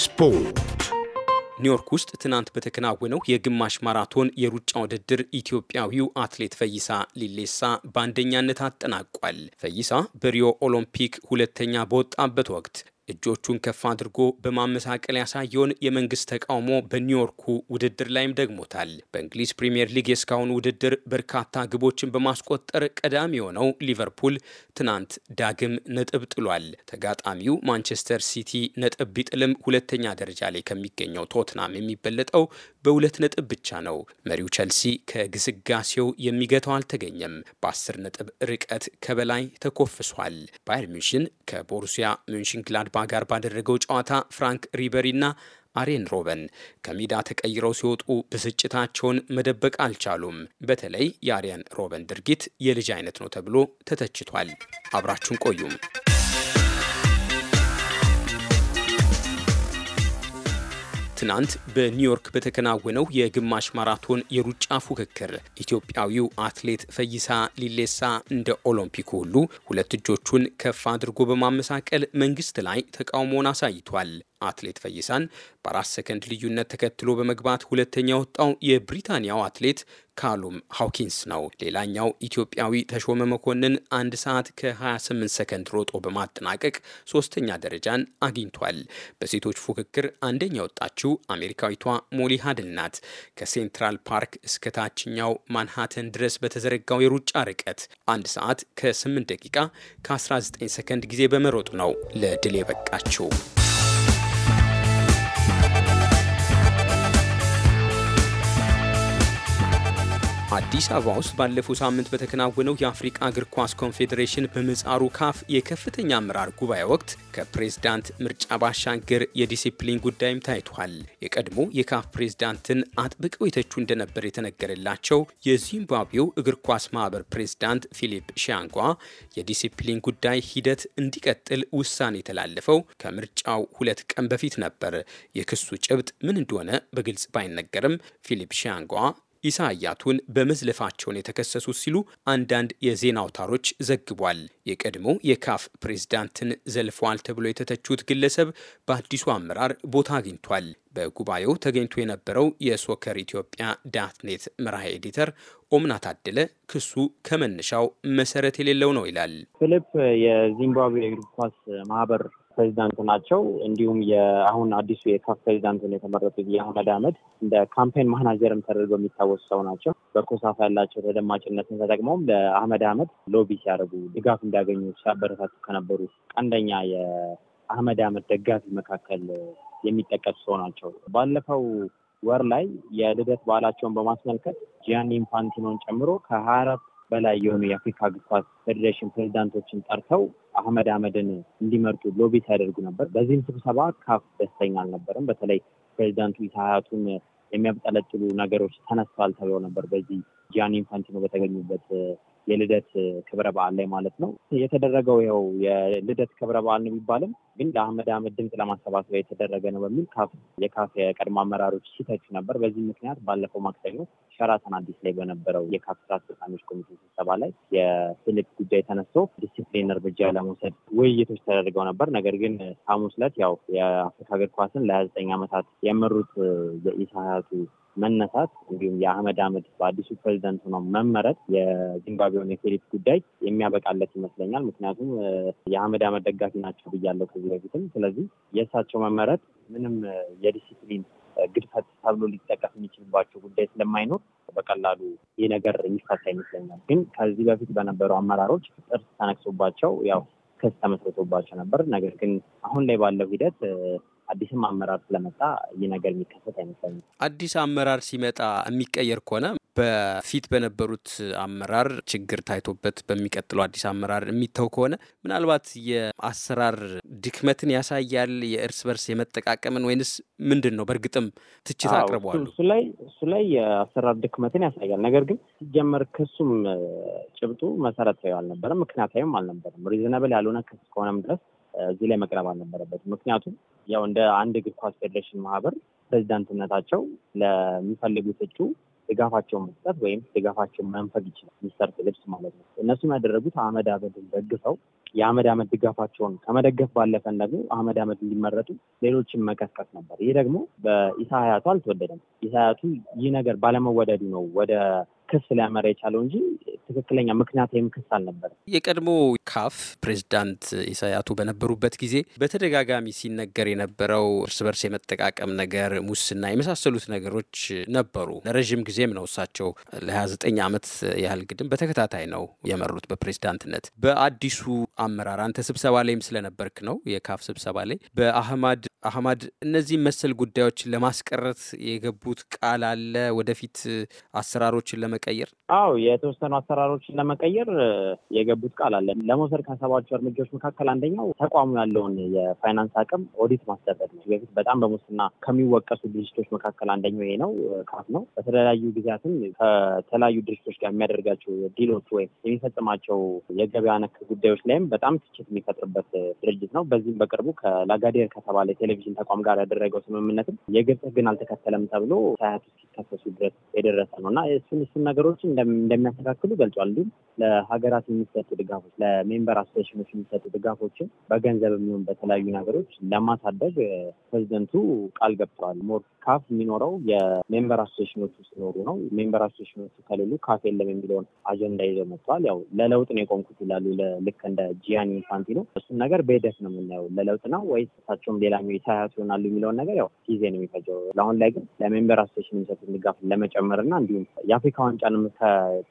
ስፖርት ኒውዮርክ ውስጥ ትናንት በተከናወነው የግማሽ ማራቶን የሩጫ ውድድር ኢትዮጵያዊው አትሌት ፈይሳ ሊሌሳ በአንደኛነት አጠናቋል። ፈይሳ በሪዮ ኦሎምፒክ ሁለተኛ በወጣበት ወቅት እጆቹን ከፍ አድርጎ በማመሳቀል ያሳየውን የመንግስት ተቃውሞ በኒውዮርኩ ውድድር ላይም ደግሞታል። በእንግሊዝ ፕሪምየር ሊግ የእስካሁኑ ውድድር በርካታ ግቦችን በማስቆጠር ቀዳሚ የሆነው ሊቨርፑል ትናንት ዳግም ነጥብ ጥሏል። ተጋጣሚው ማንቸስተር ሲቲ ነጥብ ቢጥልም ሁለተኛ ደረጃ ላይ ከሚገኘው ቶትናም የሚበለጠው በሁለት ነጥብ ብቻ ነው። መሪው ቸልሲ ከግስጋሴው የሚገታው አልተገኘም። በአስር ነጥብ ርቀት ከበላይ ተኮፍሷል። ባየር ሚንሽን ከቦሩሲያ ሚንሽን ግላድባ ከፓርማ ጋር ባደረገው ጨዋታ ፍራንክ ሪበሪና አሬን ሮበን ከሜዳ ተቀይረው ሲወጡ ብስጭታቸውን መደበቅ አልቻሉም። በተለይ የአሪያን ሮበን ድርጊት የልጅ አይነት ነው ተብሎ ተተችቷል። አብራችሁን ቆዩም። ትናንት በኒውዮርክ በተከናወነው የግማሽ ማራቶን የሩጫ ፉክክር ኢትዮጵያዊው አትሌት ፈይሳ ሊሌሳ እንደ ኦሎምፒክ ሁሉ ሁለት እጆቹን ከፍ አድርጎ በማመሳቀል መንግስት ላይ ተቃውሞውን አሳይቷል። አትሌት ፈይሳን በአራት ሰከንድ ልዩነት ተከትሎ በመግባት ሁለተኛ ወጣው የብሪታንያው አትሌት ካሉም ሃውኪንስ ነው። ሌላኛው ኢትዮጵያዊ ተሾመ መኮንን አንድ ሰዓት ከ28 ሰከንድ ሮጦ በማጠናቀቅ ሶስተኛ ደረጃን አግኝቷል። በሴቶች ፉክክር አንደኛ ወጣችው አሜሪካዊቷ ሞሊ ሃድል ናት። ከሴንትራል ፓርክ እስከ ታችኛው ማንሃተን ድረስ በተዘረጋው የሩጫ ርቀት አንድ ሰዓት ከ8 ደቂቃ ከ19 ሰከንድ ጊዜ በመሮጥ ነው ለድል የበቃችው። አዲስ አበባ ውስጥ ባለፈው ሳምንት በተከናወነው የአፍሪቃ እግር ኳስ ኮንፌዴሬሽን በምህጻሩ ካፍ የከፍተኛ አመራር ጉባኤ ወቅት ከፕሬዝዳንት ምርጫ ባሻገር የዲሲፕሊን ጉዳይም ታይቷል። የቀድሞ የካፍ ፕሬዝዳንትን አጥብቀው የተቹ እንደነበር የተነገረላቸው የዚምባብዌው እግር ኳስ ማህበር ፕሬዝዳንት ፊሊፕ ሻንጓ የዲሲፕሊን ጉዳይ ሂደት እንዲቀጥል ውሳኔ የተላለፈው ከምርጫው ሁለት ቀን በፊት ነበር። የክሱ ጭብጥ ምን እንደሆነ በግልጽ ባይነገርም ፊሊፕ ሻንጓ ኢሳያቱን በመዝለፋቸውን የተከሰሱት ሲሉ አንዳንድ የዜና አውታሮች ዘግቧል። የቀድሞ የካፍ ፕሬዝዳንትን ዘልፈዋል ተብሎ የተተቹት ግለሰብ በአዲሱ አመራር ቦታ አግኝቷል። በጉባኤው ተገኝቶ የነበረው የሶከር ኢትዮጵያ ዳትኔት መርሃ ኤዲተር ኦምና ታደለ ክሱ ከመነሻው መሰረት የሌለው ነው ይላል። ፊሊፕ የዚምባብዌ እግር ኳስ ማህበር ፕሬዚዳንት ናቸው። እንዲሁም የአሁን አዲሱ የካፍ ፕሬዚዳንት የተመረጡት የአህመድ አህመድ እንደ ካምፔን ማናጀርም ተደርገው የሚታወሱ ሰው ናቸው። በኮሳፍ ያላቸው ተደማጭነትን ተጠቅመውም ለአህመድ አህመድ ሎቢ ሲያደርጉ ድጋፍ እንዲያገኙ ሲያበረታቱ ከነበሩ ቀንደኛ የአህመድ አህመድ ደጋፊ መካከል የሚጠቀሱ ሰው ናቸው። ባለፈው ወር ላይ የልደት በዓላቸውን በማስመልከት ጂያኒ ኢንፋንቲኖን ጨምሮ ከሀያ አራት በላይ የሆኑ የአፍሪካ እግር ኳስ ፌዴሬሽን ፕሬዚዳንቶችን ጠርተው አህመድ አህመድን እንዲመርጡ ሎቢ ሲያደርጉ ነበር። በዚህም ስብሰባ ካፍ ደስተኛ አልነበርም። በተለይ ፕሬዚዳንቱ ኢሳያቱን የሚያብጠለጥሉ ነገሮች ተነስተዋል ተብለው ነበር በዚህ ጂያኒ ኢንፋንቲኖ በተገኙበት የልደት ክብረ በዓል ላይ ማለት ነው የተደረገው። ይኸው የልደት ክብረ በዓል ነው ቢባልም ግን ለአህመድ አህመድ ድምፅ ለማሰባሰብ የተደረገ ነው በሚል የካፍ የቀድሞ አመራሮች ሲተች ነበር። በዚህ ምክንያት ባለፈው ማክሰኞ ሸራተን አዲስ ላይ በነበረው የካፍ ስራ አስፈጻሚዎች ኮሚቴ ስብሰባ ላይ የፊሊፕ ጉዳይ ተነስቶ ዲሲፕሊን እርምጃ ለመውሰድ ውይይቶች ተደርገው ነበር። ነገር ግን ሐሙስ ዕለት ያው የአፍሪካ እግር ኳስን ለሀያ ዘጠኝ ዓመታት የመሩት የኢሳቱ መነሳት እንዲሁም የአህመድ አህመድ በአዲሱ ፕሬዚደንት ሆኖ መመረጥ የዚምባብዌን የፌሊክስ ጉዳይ የሚያበቃለት ይመስለኛል። ምክንያቱም የአህመድ አህመድ ደጋፊ ናቸው ብያለሁ ከዚህ በፊትም። ስለዚህ የእሳቸው መመረጥ ምንም የዲሲፕሊን ግድፈት ተብሎ ሊጠቀስ የሚችልባቸው ጉዳይ ስለማይኖር በቀላሉ ይህ ነገር የሚፈታ ይመስለኛል። ግን ከዚህ በፊት በነበሩ አመራሮች ጥርስ ተነክሶባቸው ያው ክስ ተመስርቶባቸው ነበር። ነገር ግን አሁን ላይ ባለው ሂደት አዲስም አመራር ስለመጣ ይህ ነገር የሚከሰት አይመስለኝ። አዲስ አመራር ሲመጣ የሚቀየር ከሆነ በፊት በነበሩት አመራር ችግር ታይቶበት በሚቀጥለው አዲስ አመራር የሚተው ከሆነ ምናልባት የአሰራር ድክመትን ያሳያል፣ የእርስ በርስ የመጠቃቀምን ወይንስ ምንድን ነው? በእርግጥም ትችት አቅርበዋል። እሱ ላይ እሱ ላይ የአሰራር ድክመትን ያሳያል። ነገር ግን ሲጀመር ክሱም ጭብጡ መሰረታዊ አልነበረም፣ ምክንያታዊም አልነበረም። ሪዝናብል ያልሆነ ክስ ከሆነም ድረስ እዚህ ላይ መቅረብ አልነበረበት። ምክንያቱም ያው እንደ አንድ እግር ኳስ ፌዴሬሽን ማህበር ፕሬዚዳንትነታቸው ለሚፈልጉት እጩ ድጋፋቸውን መስጠት ወይም ድጋፋቸውን መንፈግ ይችላል። ሚስተር ፊሊፕስ ማለት ነው። እነሱም ያደረጉት አህመድ አህመድን ደግፈው የአህመድ አህመድ ድጋፋቸውን ከመደገፍ ባለፈን ደግሞ አህመድ አህመድ እንዲመረጡ ሌሎችን መቀስቀስ ነበር። ይህ ደግሞ በኢሳያቱ አልተወደደም። ኢሳያቱ ይህ ነገር ባለመወደዱ ነው ወደ ክስ ሊያመራ የቻለው እንጂ ትክክለኛ ምክንያታዊም ክስ አልነበረም። የቀድሞ ካፍ ፕሬዚዳንት ኢሳያቱ በነበሩበት ጊዜ በተደጋጋሚ ሲነገር የነበረው እርስ በርስ የመጠቃቀም ነገር፣ ሙስና የመሳሰሉት ነገሮች ነበሩ። ለረዥም ጊዜም ነው እሳቸው ለ29 ዓመት ያህል ግድም በተከታታይ ነው የመሩት በፕሬዚዳንትነት። በአዲሱ አመራር አንተ ስብሰባ ላይም ስለነበርክ ነው የካፍ ስብሰባ ላይ በአህማድ አህማድ እነዚህ መሰል ጉዳዮችን ለማስቀረት የገቡት ቃል አለ ወደፊት አሰራሮችን ለመ ለመቀየር? አዎ የተወሰኑ አሰራሮችን ለመቀየር የገቡት ቃል አለ። ለመውሰድ ካሰባቸው እርምጃዎች መካከል አንደኛው ተቋሙ ያለውን የፋይናንስ አቅም ኦዲት ማስደረግ ነው። በፊት በጣም በሙስና ከሚወቀሱ ድርጅቶች መካከል አንደኛው ይሄ ነው ካፍ ነው። በተለያዩ ጊዜያትም ከተለያዩ ድርጅቶች ጋር የሚያደርጋቸው ዲሎች ወይም የሚፈጽማቸው የገበያ ነክ ጉዳዮች ላይም በጣም ትችት የሚፈጥርበት ድርጅት ነው። በዚህም በቅርቡ ከላጋዴር ከተባለ የቴሌቪዥን ተቋም ጋር ያደረገው ስምምነትም የግብጽ ሕግን አልተከተለም ተብሎ ሳያቱ እስኪከሰሱ ድረስ የደረሰ ነው እና እሱን እሱን ነገሮችን እንደሚያስተካክሉ ገልጿል። እንዲሁም ለሀገራት የሚሰጡ ድጋፎች፣ ለሜምበር አሶሴሽኖች የሚሰጡ ድጋፎችን በገንዘብ የሚሆን በተለያዩ ነገሮች ለማሳደግ ፕሬዚደንቱ ቃል ገብተዋል። ሞር ካፍ የሚኖረው የሜምበር አሶሴሽኖቹ ሲኖሩ ነው። ሜምበር አሶሴሽኖቹ ከሌሉ ካፍ የለም የሚለውን አጀንዳ ይዘው መጥተዋል። ያው ለለውጥ ነው የቆምኩት ይላሉ። ልክ እንደ ጂያኒ ኢንፋንቲኖ እሱን ነገር በሂደት ነው የምናየው። ለለውጥ ነው ወይስ እሳቸውም ሌላ ሳያት ይሆናሉ የሚለውን ነገር ያው ጊዜ ነው የሚፈጀው። ለአሁን ላይ ግን ለሜምበር አሶሴሽን የሚሰጡ ድጋፍ ለመጨመር እና እንዲሁም የአፍሪካ ዋንጫ ዋንጫንም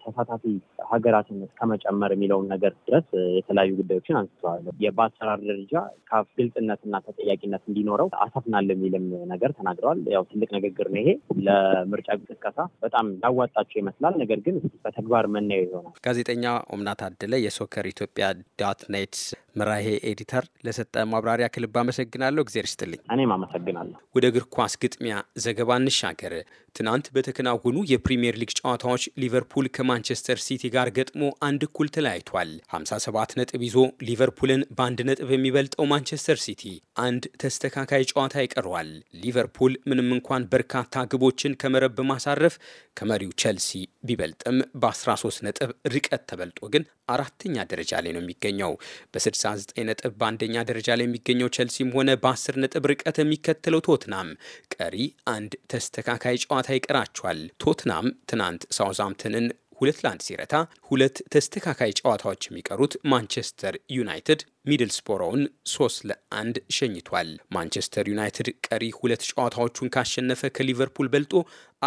ተሳታፊ ሀገራትን እስከመጨመር የሚለውን ነገር ድረስ የተለያዩ ጉዳዮችን አንስተዋል። በአሰራር ደረጃ ካፍ ግልጽነትና ተጠያቂነት እንዲኖረው አሰፍናል የሚልም ነገር ተናግረዋል። ያው ትልቅ ንግግር ነው ይሄ። ለምርጫ ቅስቀሳ በጣም ያዋጣቸው ይመስላል። ነገር ግን በተግባር መናየው ይሆናል። ጋዜጠኛ ኦምናት አደለ የሶከር ኢትዮጵያ ዳት ኔት መራሄ ኤዲተር ለሰጠ ማብራሪያ ክልብ አመሰግናለሁ። እግዜር ይስጥልኝ። እኔም አመሰግናለሁ። ወደ እግር ኳስ ግጥሚያ ዘገባ እንሻገር። ትናንት በተከናወኑ የፕሪምየር ሊግ ጨዋታ ጨዋታዎች ሊቨርፑል ከማንቸስተር ሲቲ ጋር ገጥሞ አንድ እኩል ተለያይቷል። 57 ነጥብ ይዞ ሊቨርፑልን በአንድ ነጥብ የሚበልጠው ማንቸስተር ሲቲ አንድ ተስተካካይ ጨዋታ ይቀረዋል። ሊቨርፑል ምንም እንኳን በርካታ ግቦችን ከመረብ በማሳረፍ ከመሪው ቸልሲ ቢበልጥም በ13 ነጥብ ርቀት ተበልጦ ግን አራተኛ ደረጃ ላይ ነው የሚገኘው። በ69 ነጥብ በአንደኛ ደረጃ ላይ የሚገኘው ቸልሲም ሆነ በ10 ነጥብ ርቀት የሚከተለው ቶትናም ቀሪ አንድ ተስተካካይ ጨዋታ ይቀራቸዋል። ቶትናም ትናንት ሳውዝሃምፕተንን ሁለት ለአንድ ሲረታ ሁለት ተስተካካይ ጨዋታዎች የሚቀሩት ማንቸስተር ዩናይትድ ሚድልስቦሮውን ሶስት ለአንድ ሸኝቷል። ማንቸስተር ዩናይትድ ቀሪ ሁለት ጨዋታዎቹን ካሸነፈ ከሊቨርፑል በልጦ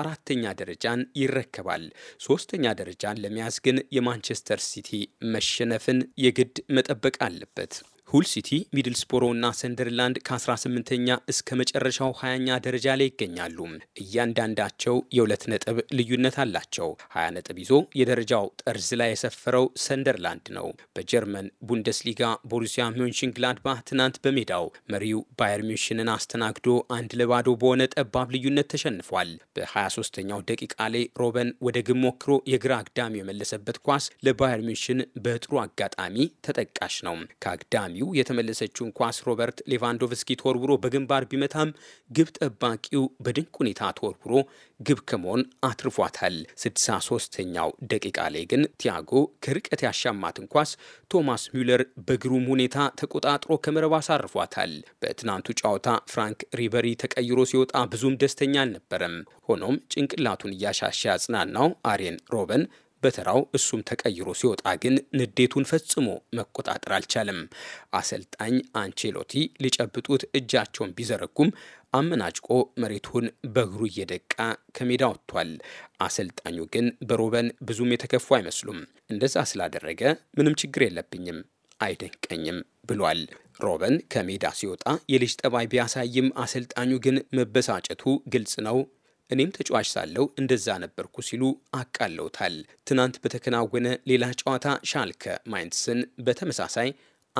አራተኛ ደረጃን ይረከባል። ሶስተኛ ደረጃን ለመያዝ ግን የማንቸስተር ሲቲ መሸነፍን የግድ መጠበቅ አለበት። ሁል ሲቲ፣ ሚድልስቦሮ እና ሰንደርላንድ ከ18ኛ እስከ መጨረሻው 20ኛ ደረጃ ላይ ይገኛሉ። እያንዳንዳቸው የሁለት ነጥብ ልዩነት አላቸው። 20 ነጥብ ይዞ የደረጃው ጠርዝ ላይ የሰፈረው ሰንደርላንድ ነው። በጀርመን ቡንደስሊጋ ቦሩሲያ ሞንሽንግላድባህ ትናንት በሜዳው መሪው ባየር ሚንሽንን አስተናግዶ አንድ ለባዶ በሆነ ጠባብ ልዩነት ተሸንፏል። በ23ኛው ደቂቃ ላይ ሮበን ወደ ግብ ሞክሮ የግራ አግዳሚ የመለሰበት ኳስ ለባየር ሚንሽን በጥሩ አጋጣሚ ተጠቃሽ ነው። ከአግዳሚው የተመለሰችውን ኳስ ሮበርት ሌቫንዶቭስኪ ተወርውሮ በግንባር ቢመታም ግብ ጠባቂው በድንቅ ሁኔታ ተወርውሮ ግብ ከመሆን አትርፏታል። 63ኛው ደቂቃ ላይ ግን ቲያጎ ከርቀት ያሻማትን ኳስ ቶማስ ሚለር በግሩም ሁኔታ ተቆጣጥሮ ከመረብ አሳርፏታል። በትናንቱ ጨዋታ ፍራንክ ሪበሪ ተቀይሮ ሲወጣ ብዙም ደስተኛ አልነበረም። ሆኖም ጭንቅላቱን እያሻሸ ያጽናናው አሬን ሮበን በተራው እሱም ተቀይሮ ሲወጣ ግን ንዴቱን ፈጽሞ መቆጣጠር አልቻለም። አሰልጣኝ አንቼሎቲ ሊጨብጡት እጃቸውን ቢዘረጉም አመናጭቆ መሬቱን በእግሩ እየደቃ ከሜዳ ወጥቷል። አሰልጣኙ ግን በሮበን ብዙም የተከፉ አይመስሉም። እንደዛ ስላደረገ ምንም ችግር የለብኝም፣ አይደንቀኝም ብሏል። ሮበን ከሜዳ ሲወጣ የልጅ ጠባይ ቢያሳይም አሰልጣኙ ግን መበሳጨቱ ግልጽ ነው እኔም ተጫዋች ሳለው እንደዛ ነበርኩ ሲሉ አቃለውታል። ትናንት በተከናወነ ሌላ ጨዋታ ሻልከ ማይንትስን በተመሳሳይ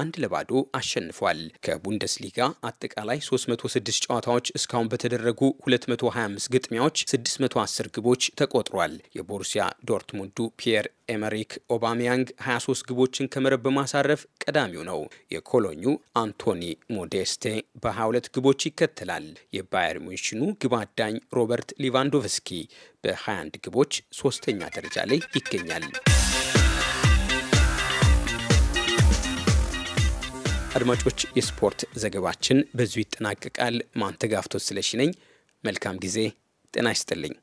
አንድ ለባዶ አሸንፏል። ከቡንደስሊጋ አጠቃላይ 306 ጨዋታዎች እስካሁን በተደረጉ 225 ግጥሚያዎች 610 ግቦች ተቆጥሯል። የቦሩሲያ ዶርትሙንዱ ፒየር ኤመሪክ ኦባሚያንግ 23 ግቦችን ከመረብ በማሳረፍ ቀዳሚው ነው። የኮሎኙ አንቶኒ ሞዴስቴ በ22 ግቦች ይከተላል። የባየር ሙንሽኑ ግብ አዳኝ ሮበርት ሊቫንዶቭስኪ በ21 ግቦች ሶስተኛ ደረጃ ላይ ይገኛል። አድማጮች፣ የስፖርት ዘገባችን በዚሁ ይጠናቀቃል። ማንተጋፍቶት ስለሺ ነኝ። መልካም ጊዜ። ጤና ይስጥልኝ።